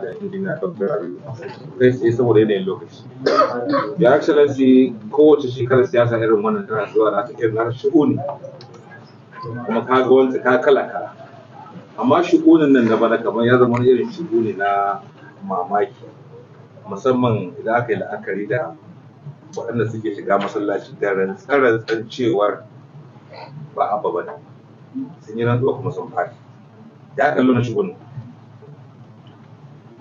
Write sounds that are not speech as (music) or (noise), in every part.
kai tsaye saboda yanayin lokaci ya excellency kowace shekarar siyasa irin wannan tana zuwa da ta irin shi'uni kuma ka ga wanda ka kala kala amma shi'unin nan na bana kamar ya zama irin shi'uni na mamaki musamman idan aka yi la'akari da waɗanda suke shiga masallaci da rantsar cewar ba abba ba ne. sun yi rantsuwa kuma sun fadi ya kallo na shi'unin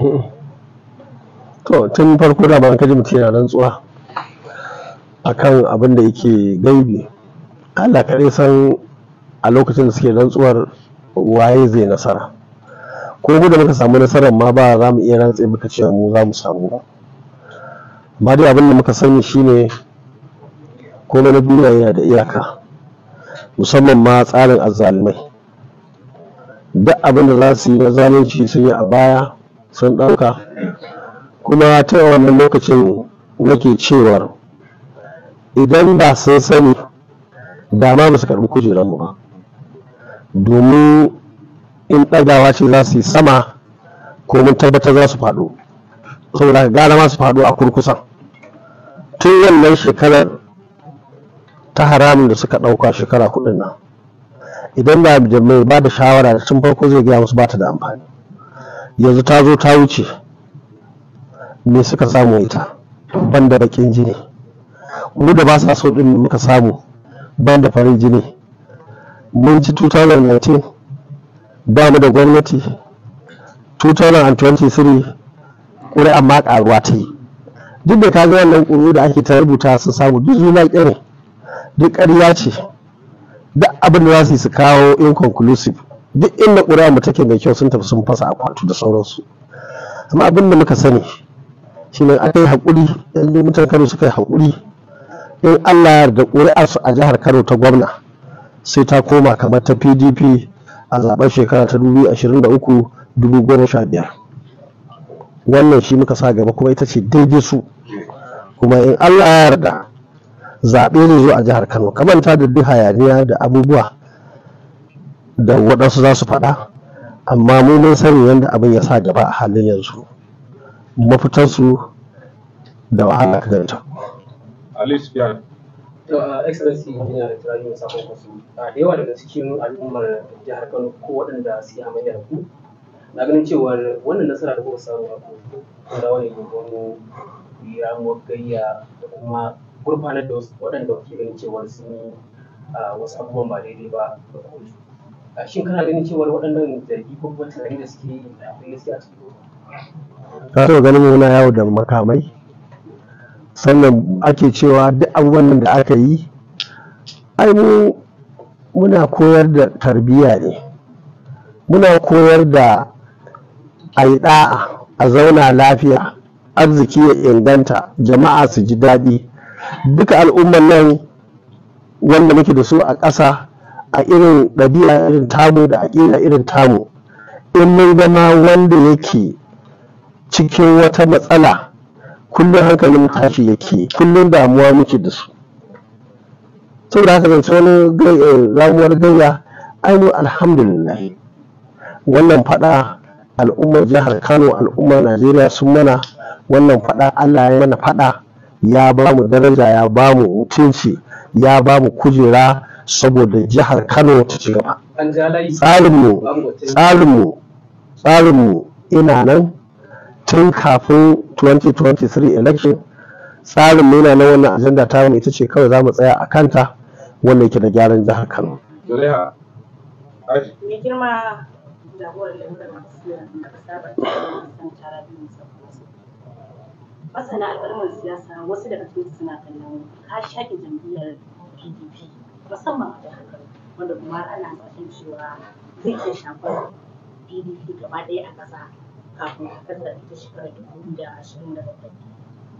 to tun farko da ban kaji mutum yana rantsuwa akan abin da yake gaibi Allah kare san a lokacin da suke rantsuwar waye zai nasara ko da muka samu nasarar ma ba za mu iya rantse muka ce mu za mu samu ba amma dai abin da muka sani shine ko na duniya yana da iyaka musamman ma tsarin azzalumai duk abin da za su yi na zalunci sun yi a baya sun ɗauka kuma ta wannan lokacin nake cewar idan ba sun sani da ma su karɓi kujeranmu ba domin in ɗagawa ce za su yi sama ko mun tabbatar za su faɗo saboda gara ma su faɗo a kurkusa. tun wannan shekarar ta haramun da suka ɗauka shekara kuɗin nan idan ba mai ba da shawara da tun farko zai gaya musu ba ta da amfani yanzu ta zo ta wuce me suka samu ita ban da bakin jini mu da ba sa so din muka samu ban da farin jini mun ci 2019 ba mu da gwamnati 2023 ƙuri amma ƙaruwa ta yi duk da ka ga wannan ƙuri da ake ta rubuta su samu duk zuwa ƙirin duk ƙarya ce duk abin da za su yi su kawo duk inda ƙura mu take mai kyau sun tafi sun fasa akwatu da sauransu amma abin da muka sani shine aka yi haƙuri ɗan mutanen kano suka yi haƙuri in allah da ƙuri'a su a jihar kano ta gwamna sai ta koma kamar ta pdp a zaben shekara ta 2023 biyar. wannan shi muka sa gaba kuma ita ce daidai su kuma in allah ya yarda zaɓe ne zo a jihar kano kamanta da duk hayaniya da abubuwa da waɗansu za su faɗa amma mun sani yadda abin ya sa gaba a halin yanzu mafitansu da wahala ka ganta uh, excellency yana da tunani mai sakon wasu uh, a da yawa daga cikin al'ummar jihar kano ko waɗanda suke amai da ku na ganin cewar wannan nasara da kuka samu a kotu da wani gudunar ramuwar gayya da kuma gurfanar da wasu waɗanda kuke ganin cewar sun yi uh, wasu abubuwan ba daidai ba da kotu shin kana ganin cewar waɗannan zargi ko kuma tunani da suke yi akwai gaskiya cikin ka taɓa ganin muna yawo da makamai sannan ake cewa duk abubuwan da aka yi ai mu muna koyar da tarbiyya ne muna koyar da a yi ɗa'a a zauna lafiya arziki ya inganta jama'a su ji daɗi duka al'ummar nan wanda muke da su a ƙasa a irin ɗabi'a irin tamu da aƙida irin tamu in mun zama wanda yake cikin wata matsala kullum hankalin tashi yake kullum damuwa muke da su saboda haka zance wani eh, ramuwar gaya ainihin alhamdulillah wannan fada al'ummar jihar kano al'ummar najeriya sun mana wannan fada allah ya mana fada ya ba mu daraja ya ba mu mutunci ya ba mu kujera saboda jihar Kano ta ci gaba. Tsarinmu, tsarinmu, tsarinmu ina nan tun kafin 2023 election tsarinmu yana nan wannan ajanda ta mu ita ce kawai za mu tsaya a kanta wanda yake da gyaran jihar Kano. masana al'ummar siyasa wasu daga cikin suna kallon ka shaƙe jam'iyyar pdp musamman a jihar Kano wanda kuma ana zaton cewa zai iya shafar PDP gaba ɗaya a ƙasa kafin a kasar ta shekarar dubu da ashirin da bakwai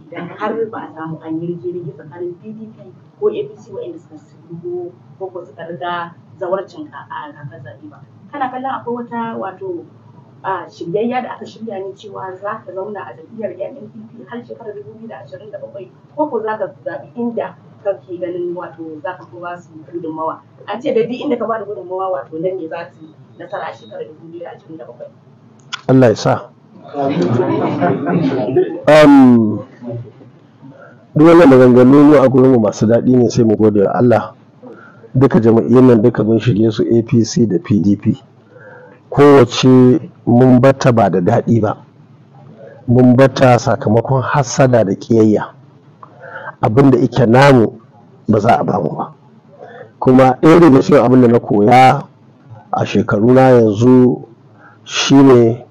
idan har ba a samu an yi rigirgi tsakanin PDP ko APC waɗanda suka shigo ko ko suka riga zawarcin a kakar zaɓe ba kana kallon akwai wata wato a shiryayya da aka shirya ne cewa za ka zauna a jam'iyyar NPP har shekarar dubu biyu da ashirin da bakwai ko ko za ka zaɓi inda kake ganin wato za ka kuma su gudunmawa an ce da duk inda ka ba da gudunmawa wato nan ne za su nasara a shekarar dubu biyu a cikin da bakwai. Allah ya sa. duk wannan maganganu mu a gurinmu masu daɗi ne sai mu gode wa Allah duka jama'iyyar nan duka mun shige su APC da PDP kowace mun bata ba da daɗi ba mun bata sakamakon hassada da ƙiyayya. abin da ike namu ba za a bamu ba kuma ɗaya da cikin abin da na koya a shekaru na yanzu shine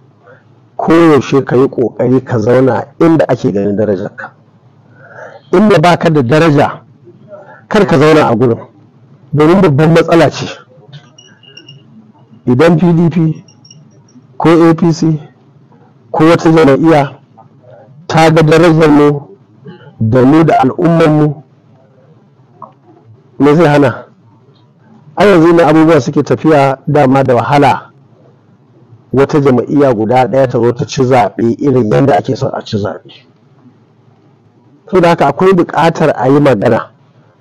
koyaushe ka yi ƙoƙari ka zauna inda ake ganin darajarka inda ba ka da daraja kar ka zauna a gudun. domin babban matsala ce idan pdp ko apc ko wata jam'iyya ta ga darajar mu da mu da al'ummarmu me zai hana a yanzu na abubuwa suke tafiya dama da wahala wata jama'iyya guda ɗaya ta zo ta ci zaɓe irin yadda ake son a ci zaɓe to da haka akwai buƙatar a yi magana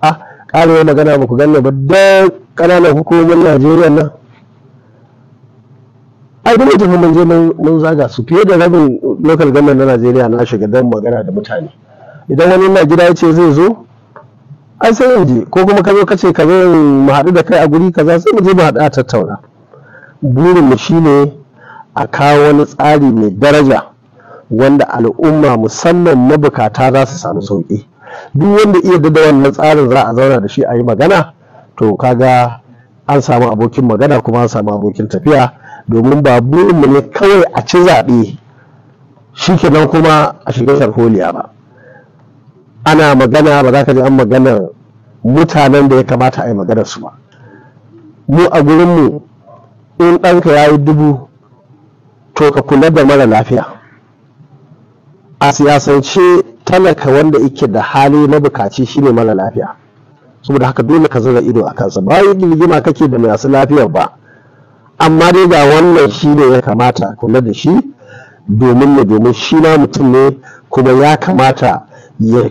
a ƙarewa magana ba ku ganna ba don ƙananan hukumomin najeriya nan ai da mun je mun zaga su fiye da rabin local government na najeriya na shiga don magana da mutane idan wani na gida ya ce zai zo ai sai in ko kuma ka zo ka ce ka zo mu haɗu da kai a guri kaza sai mu je mu haɗu a tattauna burin mu shine a kawo wani tsari mai daraja wanda al'umma musamman mabukata za su samu sauƙi duk wanda iya da wannan tsarin za a zauna da shi a yi magana to kaga an samu abokin magana kuma an samu abokin tafiya domin ba burin mu ne kawai a ci zaɓe shi kenan kuma a shiga sharholiya ba ana magana ba za ka ji an magana mutanen da ya kamata a yi maganar su ba mu a gurinmu in ɗanka ya yi dubu to ka kula da mara lafiya a siyasance talaka wanda yake da hali na bukaci shine mara lafiya saboda haka dole ka zira ido a kansa ba yi rigima kake da masu lafiyar ba amma dai ga wannan shi ne ya kamata kula da shi domin ne domin shi na mutum ne kuma ya kamata ya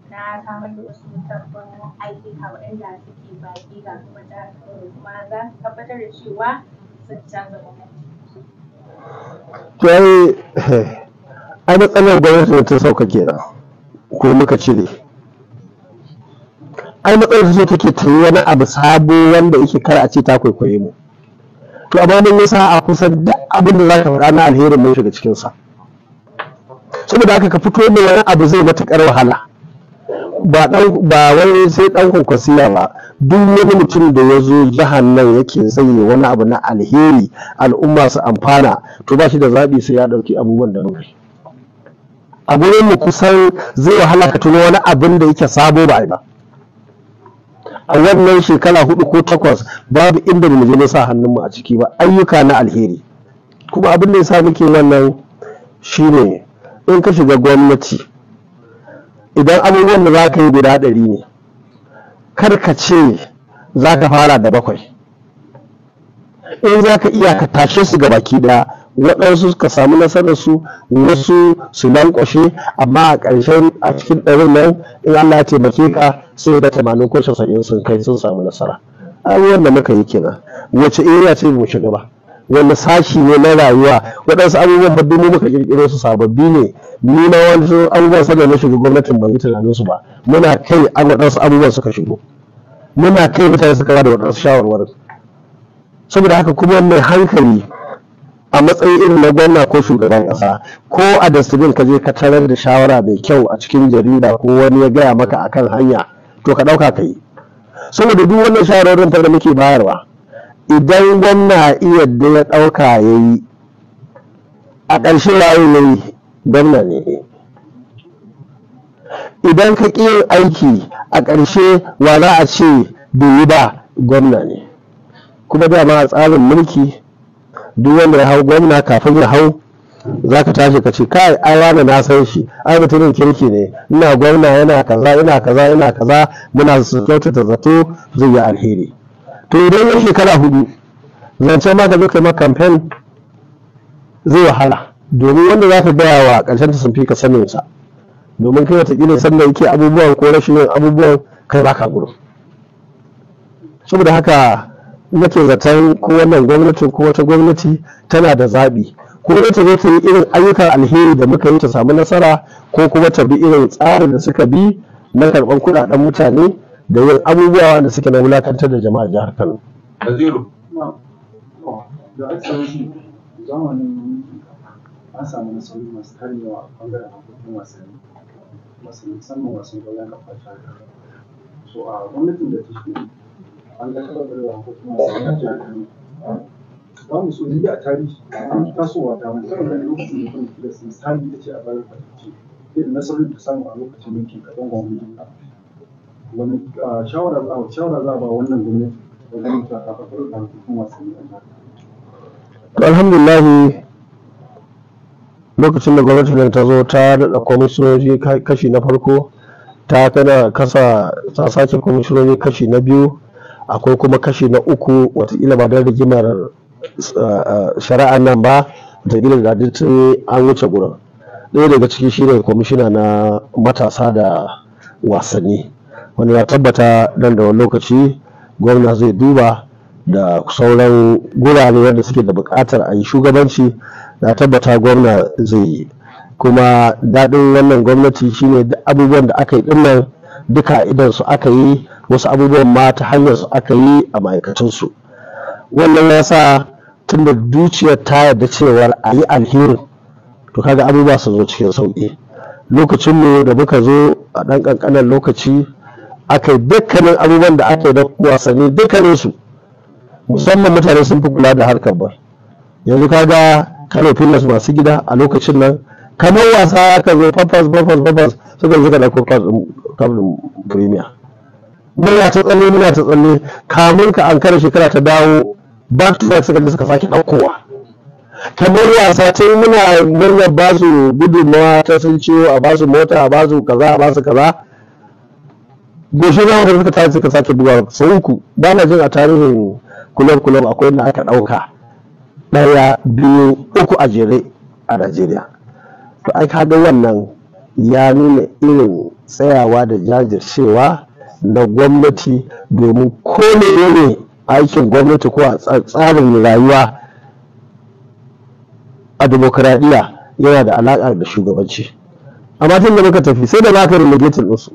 na samar da wasu sabbin ayyuka waɗanda suke baki ga kuma jihar kuma za su tabbatar da cewa sun canza gwamnati. Yayi ai matsalar gwamnati da ta sauka kenan ko muka cire. Ai matsalar ta take ta yi wani abu sabo wanda yake kar a ce ta kwaikwaye mu. To amma mun yi a kusan da abin da za ka faɗa na alherin mun shiga cikinsa. saboda haka ka fito da wani abu zai matuƙar wahala ba wai sai dan kwakwasiya ba duk wani mutum da ya zo jihar nan yake zai wani abu na alheri al'umma su amfana to ba shi da zaɓi sai ya ɗauki abubuwan da nufi a gurin mu kusan zai wahala ka tuno wani abin da yake sabo ba ba a wannan shekara hudu ko takwas babu inda mu je sa hannunmu a ciki ba ayyuka na alheri kuma abin da ya sa muke wannan shine in ka shiga gwamnati idan abubuwan da za ka yi guda ɗari ne kar ka ce za ka fara da bakwai in za ka iya ka tashe su ga baki ɗaya waɗansu ka samu nasarar su wasu su lankwashe amma a ƙarshen a cikin ɗarin nan in Allah ya taimake ka sai da tamanin ko sun kai sun samu nasara abubuwan da muka yi kenan wace iriya ce mu shiga ba wani sashi ne na rayuwa waɗansu abubuwan ba mu muka ƙirƙiro su sababbi ne ni na wani abubuwan sanar na shiga gwamnatin ba yi tunanin su ba muna kai an waɗansu abubuwan suka shigo muna kai mutane suka ba da waɗansu shawarwarin saboda haka kuma mai hankali a matsayin irin na gwamna ko shugaban ƙasa ko a dastibin ka je ka tarar da shawara mai kyau a cikin jarida ko wani ya gaya maka akan hanya to ka ɗauka ka yi saboda duk wannan ta da muke bayarwa idan gwamna yadda ya ɗauka ya yi a ƙarshe waye ne gwamna ne idan ka ƙi yin aiki a ƙarshe wa za a ce bai yi ba gwamna ne kuma ma a tsarin mulki duk wanda ya hau gwamna kafin ya hau za ka tashi ka ce kai a wani na san shi ai mutumin kirki ne ina gwamna yana kaza ina kaza ina kaza muna kyautata zato zai yi alheri to idan ya shekara hudu zancen ma ka zo kai kamfen zai wahala domin wanda za ka gaya wa ƙarshen ta sun fi ka sanin sa domin kai watakila sannan yake abubuwan ko rashin abubuwan kai baka gudu saboda haka nake zaton ko wannan gwamnatin ko wata gwamnati tana da zaɓi ko ita zo ta yi irin ayyukan alheri da muka yi ta samu nasara ko kuma ta bi irin tsarin da suka bi na karɓar kuɗaɗen mutane da yin abubuwa da suke na wulakantar da jama'a jihar Kano. Naziru. Da asali zamanin an samu nasarori masu karewa a bangaren harkokin wasanni wasanni musamman wasan kwallon kafa ta So a gwamnatin da ta shige an ga taɓarɓarewa harkokin wasanni a jihar Kano. Ba mu so a tarihi an tasowa ta wani taɓa ganin lokacin da kuma da sun sami ita ce a bayan fatace irin nasarorin da samu a lokacin mulkin kaɗan gwamnati. wani shawara za a shawara za a ba wannan gwamnati wajen ta da hukumar wasanni a jihar to alhamdulillah lokacin da gwamnatin nan ta zo ta daɗa kwamishinoni kashi na farko ta tana kasa ta sake kwamishinoni kashi na biyu akwai kuma kashi na uku watakila ba don rigimar shari'a nan ba watakila da dattun an wuce gurin ɗaya daga ciki shine kwamishina na matasa da wasanni Wani ya tabbata nan da wani lokaci gwamna zai duba da sauran gurare wanda suke da bukatar a yi shugabanci na tabbata gwamna zai yi kuma daɗin wannan gwamnati shine abubuwan da aka yi dinnan duka idan su aka yi wasu abubuwan ma ta hanyar su aka yi a ma'aikatunsu wannan ya sa tun da zuciyar ta yarda cewar a yi alherin to kaga abubuwa su zo cikin sauƙi lokacin mu da muka zo a ɗan ƙanƙanar lokaci akai dukkanin abubuwan da aka yi da wasanni dukkanin su musamman mutane sun fi kula da harkar ba yanzu kaga kano fitness masu gida a lokacin nan kamar wasa aka zo papas papas papas suka zuka da kwamfan premier muna ta tsalle muna ta tsalle kamun ka an kare shekara ta dawo back to back suka suka sake ɗaukowa kamar wasa ta muna murnar basu gudunmawa ta sun ciwo a basu mota a basu kaza a basu kaza goshi na wanda suka tashi suka sake buga sau uku ba na jin a tarihin kulon-kulon akwai na aka ɗauka ɗaya biyu uku a jere a najeriya to ai kaga wannan ya nuna irin tsayawa da jajircewa na gwamnati domin ko ne aikin gwamnati ko a tsarin rayuwa a demokuraɗiyya yana da alaƙa da shugabanci amma tun da muka tafi sai da lafiyar legitin ɗinsu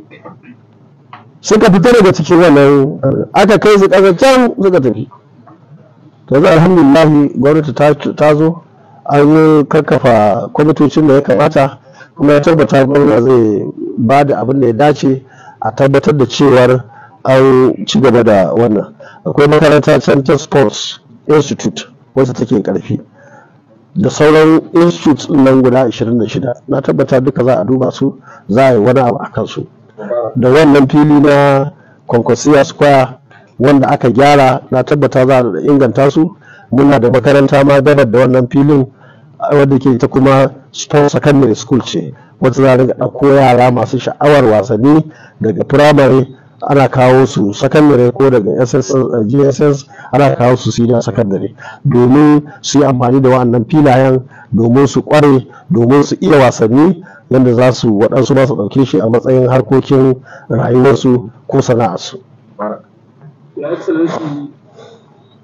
suka fita daga cikin wannan aka kai su ƙasa can suka tafi Ta za alhamdulillah gwamnati ta zo an yi karkafa kwamitocin da ya kamata kuma ya tabbata gwamna zai ba da abin da ya dace a tabbatar da cewar an ci gaba da wannan akwai makaranta center sports institute wacce take karfi da sauran institutes nan guda 26 na tabbata duka za a duba su za a yi wani abu a kansu da wannan fili na kwankwasiya square wanda aka gyara na tabbata za a inganta su muna da makaranta ma gabar da wannan filin wadda ke ta kuma stone secondary school ce wata za a ɗauko yara masu sha'awar wasanni daga primary ana kawo su sakandare ko daga gss eh, ana kawo su senior sakandare domin su yi amfani da wa'annan filayen domin su kware domin su iya wasanni yadda za su waɗansu ba su ɗauke shi a matsayin harkokin rayuwarsu ko sana'arsu. ya excellency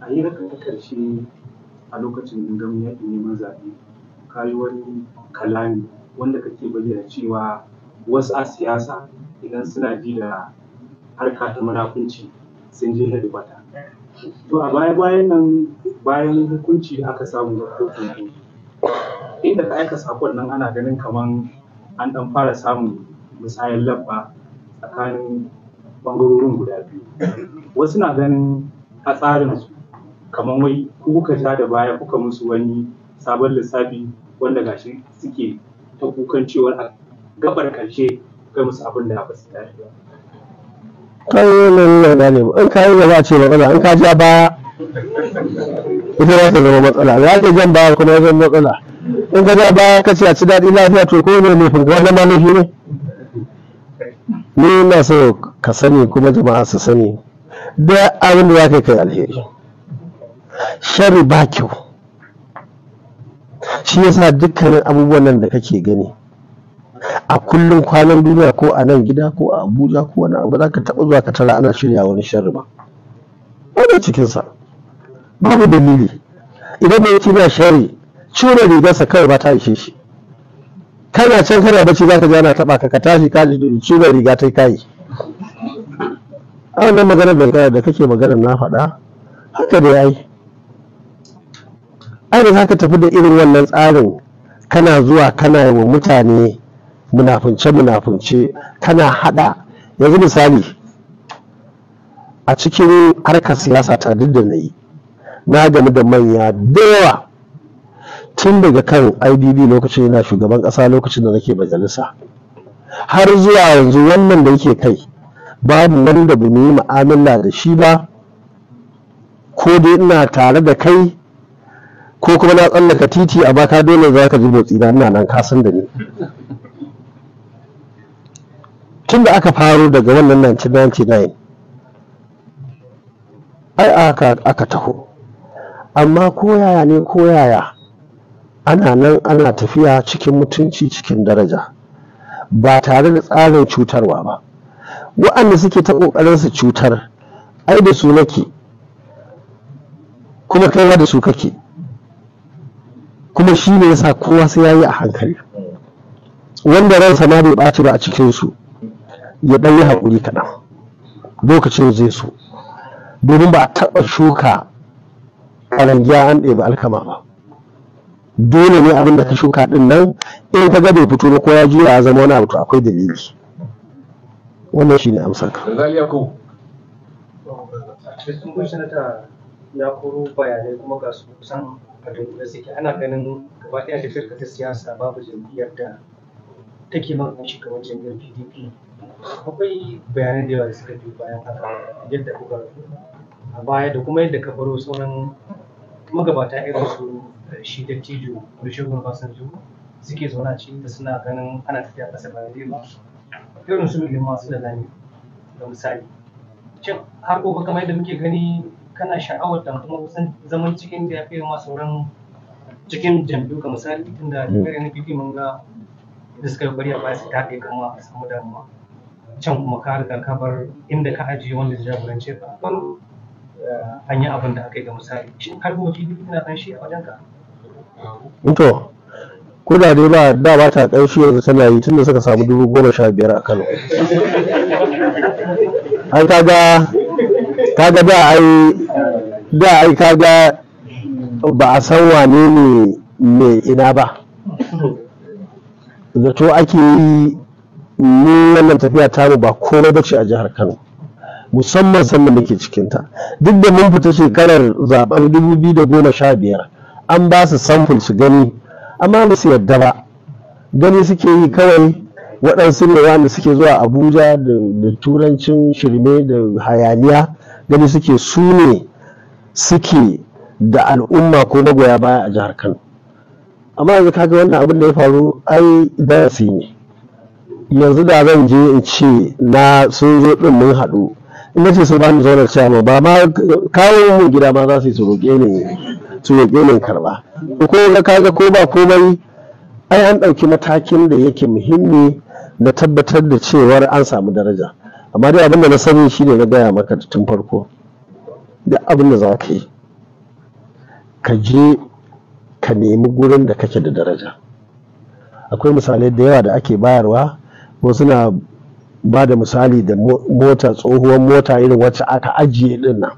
a yi haka karshe a lokacin gangamin yaƙin neman zaɓe kayi wani kalami wanda kake bayyana cewa wasu a siyasa idan suna ji da harka ta marakunci sun je dubata. to a baya bayan nan bayan hukunci da aka samu da kotun inda ka aika sakon nan ana ganin kaman an ɗan fara samun misayan labba tsakanin ɓangarorin guda biyu wasu na ganin a su kamar wai kuka sha da baya kuka musu wani sabon lissafi wanda gashi suke ta kukan cewar a gabar karshe kai musu abin da ba su dace ba kayo nan na gane in ka yi za a ce matsala in ka ja baya ita za ta zama matsala za ta jan baya kuma zama matsala in gada baya ka ce a ci daɗi lafiya to ko ne mai funguwa na ne ni na so ka sani kuma jama'a su sani da abin da za kai alheri shari ba kyau shi yasa dukkanin abubuwan nan da kake gani a kullum kwanan duniya ko a nan gida ko a abuja ko wani abu za ka taɓa zuwa ka tara ana shirya wani shari ba wani cikinsa babu dalili idan mai yake na shari cire rigarsa kawai ba ta ishe shi kana can kana bacci za ka ji ana taɓa ka ka tashi ka ji cire riga ta kai a wannan maganar da da kake maganar na faɗa haka da yayi ai da za ka tafi da irin wannan tsarin kana zuwa kana yi wa mutane munafunce-munafunce kana hada yanzu misali a cikin harkar siyasa ta duk da na yi na gamu da manya da yawa tun daga kan ibb lokacin yana shugaban ƙasa lokacin da nake majalisa har zuwa yanzu wannan da yake kai babu wanda ba yi mu'amala da shi ba ko dai ina tare da kai ko kuma na tsallaka titi a baka dole za ka ji motsi na ina nan kasan da ni tun da aka faro daga wannan 1999 ai aka, taho amma koyaya ne koyaya. ana nan ana tafiya cikin mutunci cikin daraja ba tare da tsarin cutarwa ba wa'anda suke ta ƙoƙarin su cutar ai da su nake kuma kaiwa da su kake kuma shi ne ya sa kowa sai ya yi a hankali wanda ransa ma bai ɓaci ba a cikinsu ya ɗan yi haƙuri kaɗan lokacin zai so domin ba a taɓa shuka ƙarangiya an ɗebi alkama ba dole ne abin da ka shuka din nan in ka ga bai fito ba ko ya juya ya zama wani abu to akwai dalili wannan shine amsar ka ya sanata ya koro bayanai kuma ga su kusan a dunkule suke ana ganin gaba ɗaya tafiyar ka ta siyasa babu jam'iyyar da take maganin shugaban jam'iyyar pdp akwai bayanai da yawa da suka biyo bayan haka yadda kuka a baya da kuma yadda ka baro sauran magabata irin su eh, shi dattijo shugaban basanjo suke zaune a cikin da suna ganin ana tafiya ƙasa ba dai ba irin su ne masu da lami da misali cin har ko kamar yadda muke gani kana sha'awar da kuma kusan zaman cikin da ya fi ma sauran cikin jam'iyyu ga misali tunda na hmm. bibi mun ga da suka bari a baya su kai kuma a samu damuwa can kuma ka riga ka bar inda ka ajiye wanda jagorance ka an abin da aka yi ga misali shin har goji ina ɗan a wajen to ko dai ba da ba ta ƙarfi yanzu tana yi tunda suka samu dubu goma sha biyar a kano an kaga kaga da ai da ai kaga ba a san wane ne me ina ba zato ake yi ni wannan tafiya ta ba komai bace a jihar kano musamman sanda muke cikinta duk da mun fita shekarar zaben 2015 an ba su samfur su gani amma ba su yadda ba gani suke yi kawai waɗansu ne wanda suke zuwa abuja da turancin shirme da hayaniya gani suke su ne suke da al'umma ko magoya baya a jihar kano amma yanzu kaga wannan abin da ya faru ai darasi ne yanzu da zan je in ce na sun zo ɗin mun haɗu na ce su bani zaunar cewa ba ma kawo mu gida ma za su yi su roƙe ne su roƙe ne karɓa ko ga kaga ko ba komai ai an ɗauki matakin da yake muhimmi na tabbatar da cewar an samu daraja amma dai abinda na sani shi ne na gaya maka tun farko da abin za ka yi ka je ka nemi gurin da kake da daraja akwai misalai da yawa da ake bayarwa ko suna ba da misali da mota tsohuwar mota irin wacce aka ajiye din nan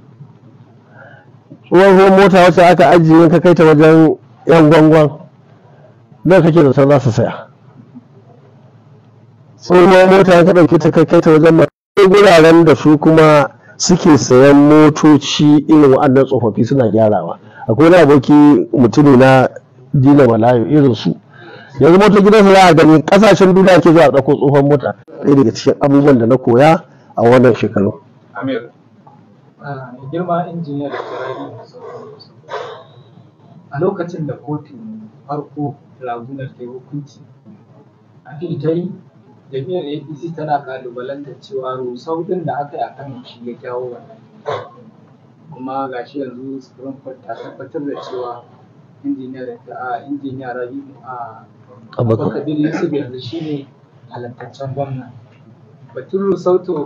tsohuwar mota wacce aka ajiye ka kai ta wajen yan gwangwan nan kake da za su saya tsohuwar mota ka ɗauki ta kai ta wajen mai guraren da su kuma suke sayan motoci irin waɗannan tsofaffi suna gyarawa akwai na aboki mutumi na dina malayo irin su yanzu motar gidan za ya gani kasashen duniya ke zuwa ɗauko tsohon mota ɗaya daga cikin abubuwan da na koya a wannan shekaru amir ah, girma a lokacin da kotun farko lagunar ta hukunci a ta yi jami'ar apc tana kalubalanta cewa rusau din da aka yi a kan shi ya kyawo wannan kuma ga shi yanzu supreme court ta tabbatar da cewa injiniyar da a injiniyar rabi'u a Abubakar Kabir Yusuf yanzu gwamna. Batun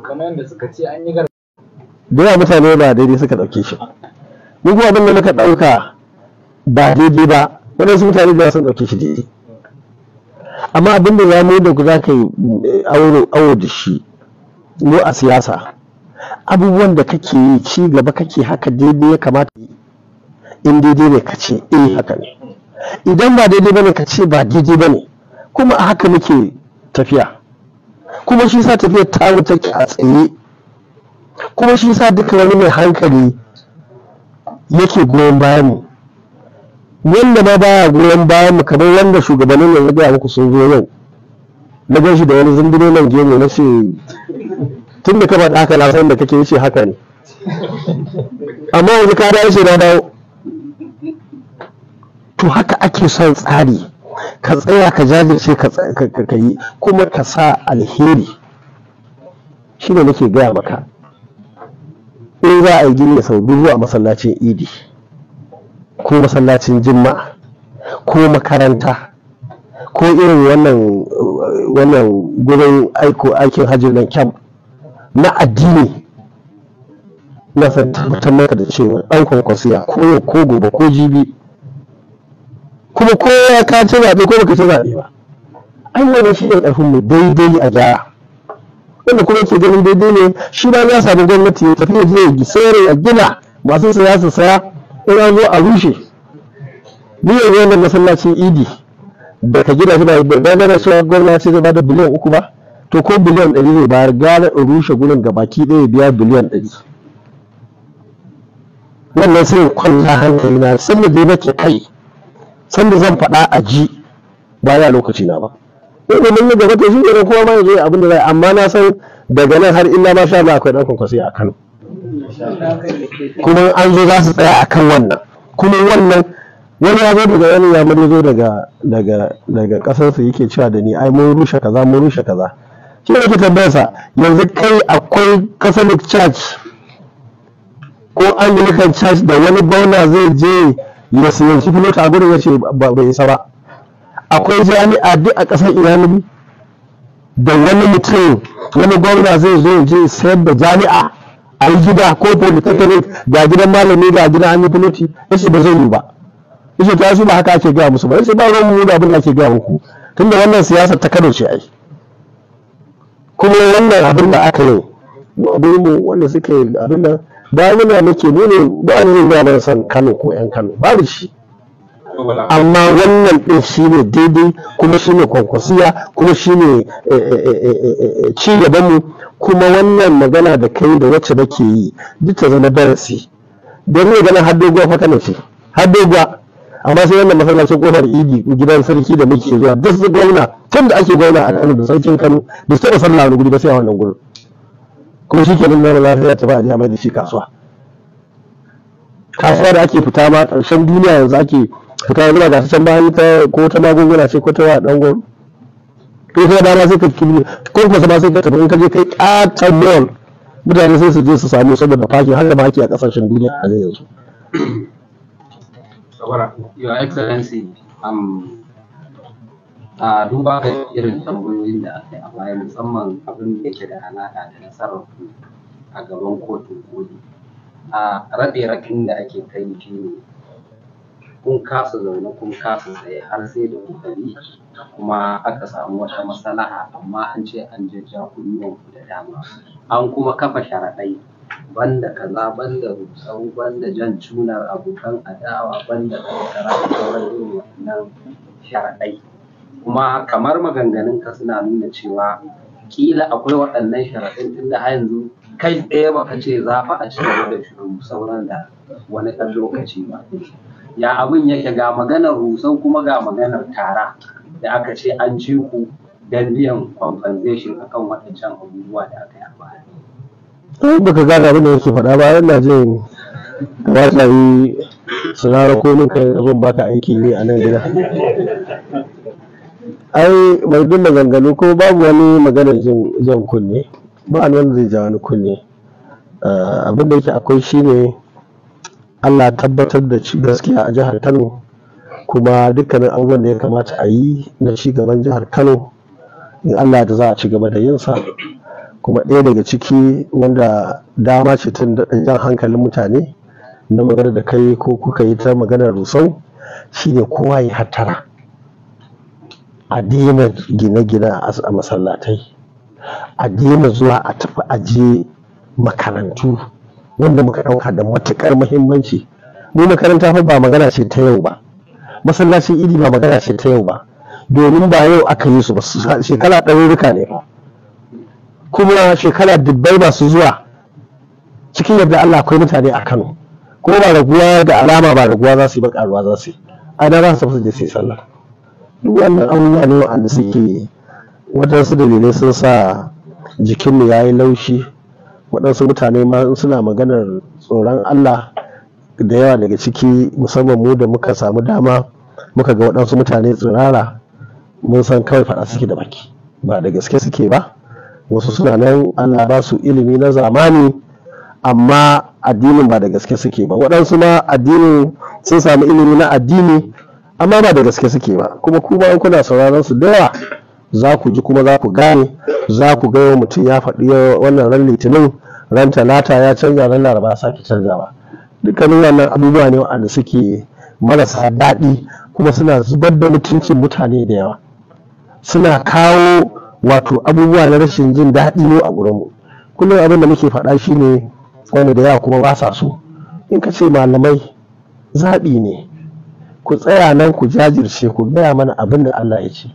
kamar suka ce an yi gar. Da yawa mutane ba daidai suka ɗauke shi. Mu abin da muka ɗauka ba daidai ba waɗansu mutane da sun ɗauke shi daidai. Amma abin da ya da ku za ka yi awo da shi mu a siyasa. Abubuwan da kake yi ci gaba kake haka daidai ya kamata in daidai ne ka ce in eh, haka ne. idan ba daidai bane ka ce ba daidai bane kuma a haka muke tafiya kuma shi sa tafiya ta take a tsaye kuma shi sa duka wani mai hankali yake goyon bayan mu wanda ma baya goyon bayan mu kamar wanda shugabannin yanzu gaya muku sun zo yau na gan shi da wani zindino nan gemu na ce tun da ka da haka na san da kake ce haka ne amma yanzu ka dawo shi na dawo to haka ake son tsari ka tsaya ka jajirce ka yi kuma ka sa alheri shi ne nake gaya maka in za a yi gini da sau biyu a masallacin idi ko masallacin jimma ko makaranta ko irin wannan wannan gurin aiko aikin hajji nan kyam na addini na san tabbatar maka da cewa ɗan kwankwasiya ko yau ko gobe ko jibi kuma kowa ka ci zaɓe ko baka ci zaɓe ba an yi shi ne ƙarfin mai daidai a da wanda kuma ke ganin daidai ne shi ba za samu gwamnati ya tafi yaje ya sayar a gina masu saya su saya ina zo a rushe ni yanzu wannan masallacin idi ba ka gina shi ba da gana cewa gwamnati zai bada biliyan uku ba to ko biliyan ɗari ne ba gane in rushe gurin gabaki ɗaya biya biliyan ɗari wannan sai kwalla hankali na sun da je kai sanda zan faɗa a ji ba ya lokaci na ba sai da mun gaba to shi ne kowa ma yaje abin da zai amma na san daga nan har illa ma sha Allah akwai dan kwankwasi a Kano kuma an zo za su tsaya akan wannan kuma wannan wani ya zo daga wani ya mun zo daga daga daga kasar su yake cewa da ni ai mun rushe kaza mun rushe kaza shi ne ke tambayar sa yanzu kai akwai Catholic Church ko Anglican Church da wani bauna zai je ya siyanci filota a gurin ya ce ba isa ba akwai jami'a duk a ƙasar iran da wani mutum wani gwamna zai zo je sayar da jami'a a yi gida ko polytechnic ga gidan malami ga gidan hanyar filoti ce ba zai yi ba ce ta su ba haka ake gaya musu ba ce ba ruwan mu da abin da ake gaya muku tunda wannan siyasa ta kano ce ai kuma wannan abin da aka yi abin mu suke abin nan na nake ne ne ba ni ga ban san Kano ko yan Kano da shi amma wannan din ne daidai kuma shi ne kwankwasiya kuma shi ne eh, eh, eh, ci gaban mu kuma wannan magana da kai da wacce nake yi duk ta zama darasi don ne ganin har doguwa fa kana ce har doguwa amma sai wannan masallacin kofar idi gidan sarki da muke zuwa duk su gwamna tun da ake gwamna a Kano da sarkin Kano da su taɓa sallah wani guri ba sai a wannan gurin kuma shi ke kenan mara lafiya ta ba a mai da shi kasuwa kasuwa da ake fita ma ƙarshen duniya yanzu ake fita yanzu ga sassan bayan ta ko ta magunguna ce ko ta wa dan gwam to sai dama sai ka kiri ko kuma sama sai ka tafi in ka je kai ƙatan mall mutane sai su je su samu saboda fakin har da ma ake a ƙasashen duniya a yanzu. Your Excellency, um, a duba ga irin tambayoyin da aka yi a baya musamman abin da yake da alaƙa da nasarar ku a gaban kotun koli a rabe rakin da ake kai shi ne kun kasa zaune kun kasa tsaye har sai da kokari kuma aka samu wata masalaha amma an ce an jajja kunnuwan ku da dama an kuma kafa sharaɗai banda kaza banda rusau banda jan cunar abokan adawa banda kankara da sauran irin waɗannan sharaɗai kuma kamar maganganun ka suna nuna cewa kila akwai waɗannan sharaɗin tun da yanzu kai tsaye baka ce za fa a ci gaba da shiru sauran da wani ɗan lokaci ba ya abin yake ga maganar rusau kuma ga maganar tara da aka ce an ci ku don biyan compensation akan waɗancan abubuwa da aka yi a baya. Kai eh, baka gane abin da yake faɗa ba yana jin kamata yi baka aiki ne a nan gida. ai mai duk maganganu ko babu wani magana zan kunne ba wani zai ja wani kunne ah, abin da yake akwai shine allah tabbatar da gaskiya a jihar kano kuma dukkanin abubuwan da ya kamata a yi na gaban jihar kano in allah da za a ci gaba da yinsa kuma ɗaya daga ciki wanda dama ce tun jan hankalin mutane na magana da kai ko kuka yi ta maganar rusau shine kowa ya hattara a gine-gine a masallatai a zuwa a tafi aje makarantu wanda muka ɗauka da matuƙar muhimmanci mu makaranta fa ba magana ce ta yau ba masallacin idi ba magana ce ta yau ba domin ba yau aka yi su ba shekara ɗarurruka ne kuma shekara dubbai masu zuwa cikin yadda Allah akwai mutane a Kano kuma ba raguwa da alama ba raguwa za su yi ba ƙaruwa za su yi a za su je su sallah duk wannan abubuwa ne wanda suke waɗansu dalilai sun sa jikinmu ya yi laushi waɗansu mutane ma suna maganar tsoron allah da yawa daga ciki musamman mu da muka samu dama muka ga waɗansu mutane tsirara mun san kawai faɗa suke da baki ba da gaske suke ba wasu suna nan ana ba su ilimi na zamani amma addinin ba da gaske suke ba waɗansu ma addinin sun samu ilimi na addini amma ba da gaske suke ba kuma ku in kuna sauraron su da yawa za ku ji kuma za ku gane za ku ga mutum ya faɗi wannan ran litinin ran talata ya canza ran laraba sake ba. dukkanin wannan abubuwa ne wanda suke marasa daɗi kuma suna zubar da mutuncin mutane da yawa suna kawo wato abubuwa na rashin jin daɗi ne a gurinmu kullum abin da muke faɗa shine wani da yawa kuma ba sa so in ka ce malamai zaɓi ne ku tsaya nan ku jajirce ku gaya mana abin da Allah ya ce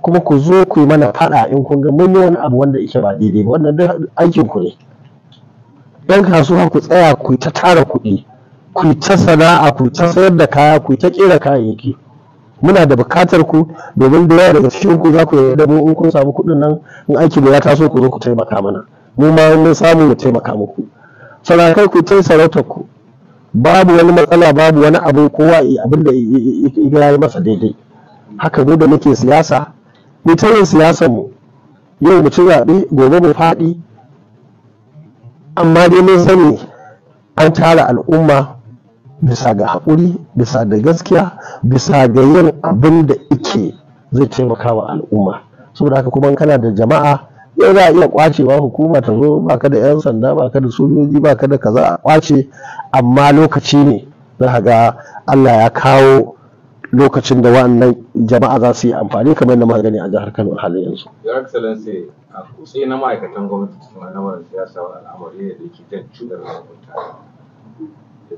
kuma ku zo ku yi mana fada in kun ga mun wani abu wanda yake ba daidai ba wannan duk aikin ku ne yan kasuwa ku tsaya ku ta tara kuɗi ku ta sana'a ku ta sayar da kaya ku ta kera kayayyaki muna da bukatar ku domin da yawa daga cikin ku za ku yarda mu in kun samu kuɗin nan in aiki da ya taso ku zo ku taimaka mana mu ma mun samu mu taimaka muku sanakai ku tun sarautar ku babu wani matsala babu wani abu kowa abin da ya yi masa daidai haka mu da muke siyasa mu ta yin siyasar mu yau mu ci zaɓe gobe mu faɗi amma dai mun sani an tara al'umma bisa ga haƙuri bisa da gaskiya bisa ga yin abin da ike zai taimaka wa al'umma saboda haka kuma kana da jama'a yau za a iya kwacewa hukuma ta zo baka da 'yan sanda baka da sojoji baka da kaza a kwace amma lokaci ne za ga allah ya kawo lokacin da wannan jama'a za su yi amfani kamar yadda muka gani a jihar Kano a halin yanzu. Your Excellency, a kutse na ma'aikatan gwamnati cikin al'amarin siyasa wa al'amari ne da ke jan cutar mutane.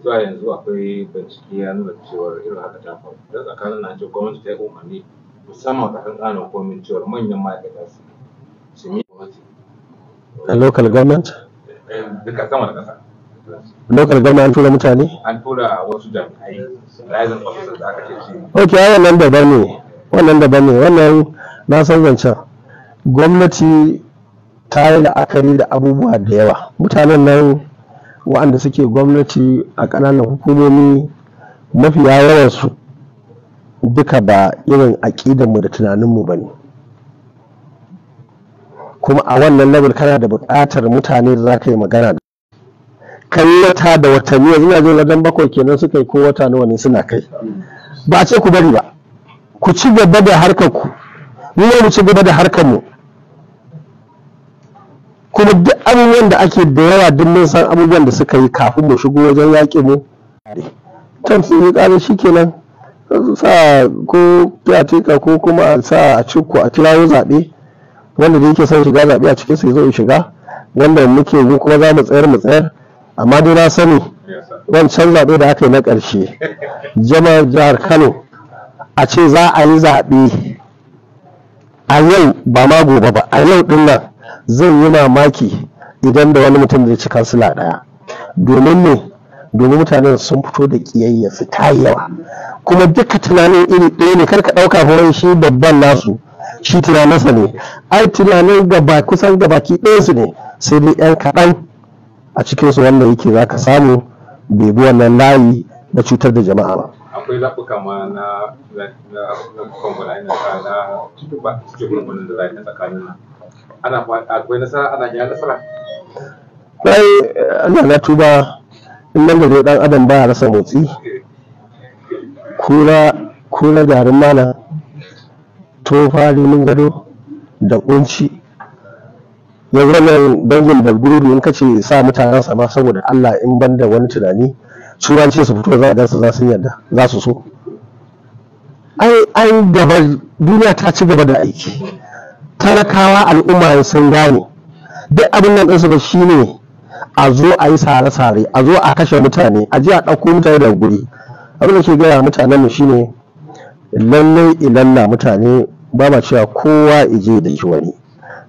Zuwa yanzu akwai bincike ya nuna cewa irin haka ta faru. don tsakanin na gwamnati ta yi umarni musamman ga ƙananan komin cewar manyan ma'aikata su a local government local government an tura mutane an tura wasu jami'ai rising officers da aka ce shi ok wannan da ne wannan da bane wannan na san zancen gwamnati ta yi la'akari da abubuwa da yawa mutanen nan waɗanda suke gwamnati a ƙananan hukumomi mafi yawansu duka ba irin aƙidanmu da tunaninmu ba ne kuma a wannan level kana da buƙatar mutane da za ka yi magana da kallata da watanni yanzu na jin bakwai kenan suka yi ko wata nawa ne suna kai ba a ce ku bari ba ku ci gaba da harkar ku Ni ne mu ci gaba da harkar mu kuma duk abubuwan da ake da yawa duk mun san abubuwan da suka yi kafin mu shigo wajen yaƙi mu tam sun yi ƙarin shi kenan sa ko fiyatika ko kuma sa a cikku a kirawo zaɓe wanda da yake son shiga zaɓe a cikin su zo shiga wanda muke mu kuma za mu tsayar mu tsayar amma dai na sani wancan zaɓe da aka yi na ƙarshe jama'ar jihar kano a ce za a yi zaɓe a yau ba ma gobe ba a yau ɗin nan zan yi mamaki idan da wani mutum zai ci kansila ɗaya domin ne domin mutanen sun fito da ƙiyayya su ta yawa kuma duka tunanin iri ɗaya ne kar ka ɗauka horon shi babban nasu shi tunaninsa ne ai tunanin gaba kusan gabaki ɗansu ne sai dai yan kaɗan a cikinsu wanda yake za ka samu bai bi wannan layi na cutar da jama'a ba akwai zaɓuka ma na kwamfani na ba suke gurgunan da zai tsakanin ana akwai nasara ana gyara nasara kai Allah na tuba in nan da dan adam ba rasa motsi kura kura garin mana tofa neman gado da kunci ya zama dangin da gururu in kace sa mutanen sa ba saboda Allah in banda wani tunani turanci su fito za a gansu za su yarda za su so ai ai gaba duniya ta ci gaba da aiki talakawa al'umma sun gane duk abin nan ɗansu ba ne a zo a yi sare-sare a zo a kashe mutane a ji a ɗauko mutane da guri abin da ke gaya mutanen mu shine lallai ilalla mutane ba ma cewa kowa ije da ki wani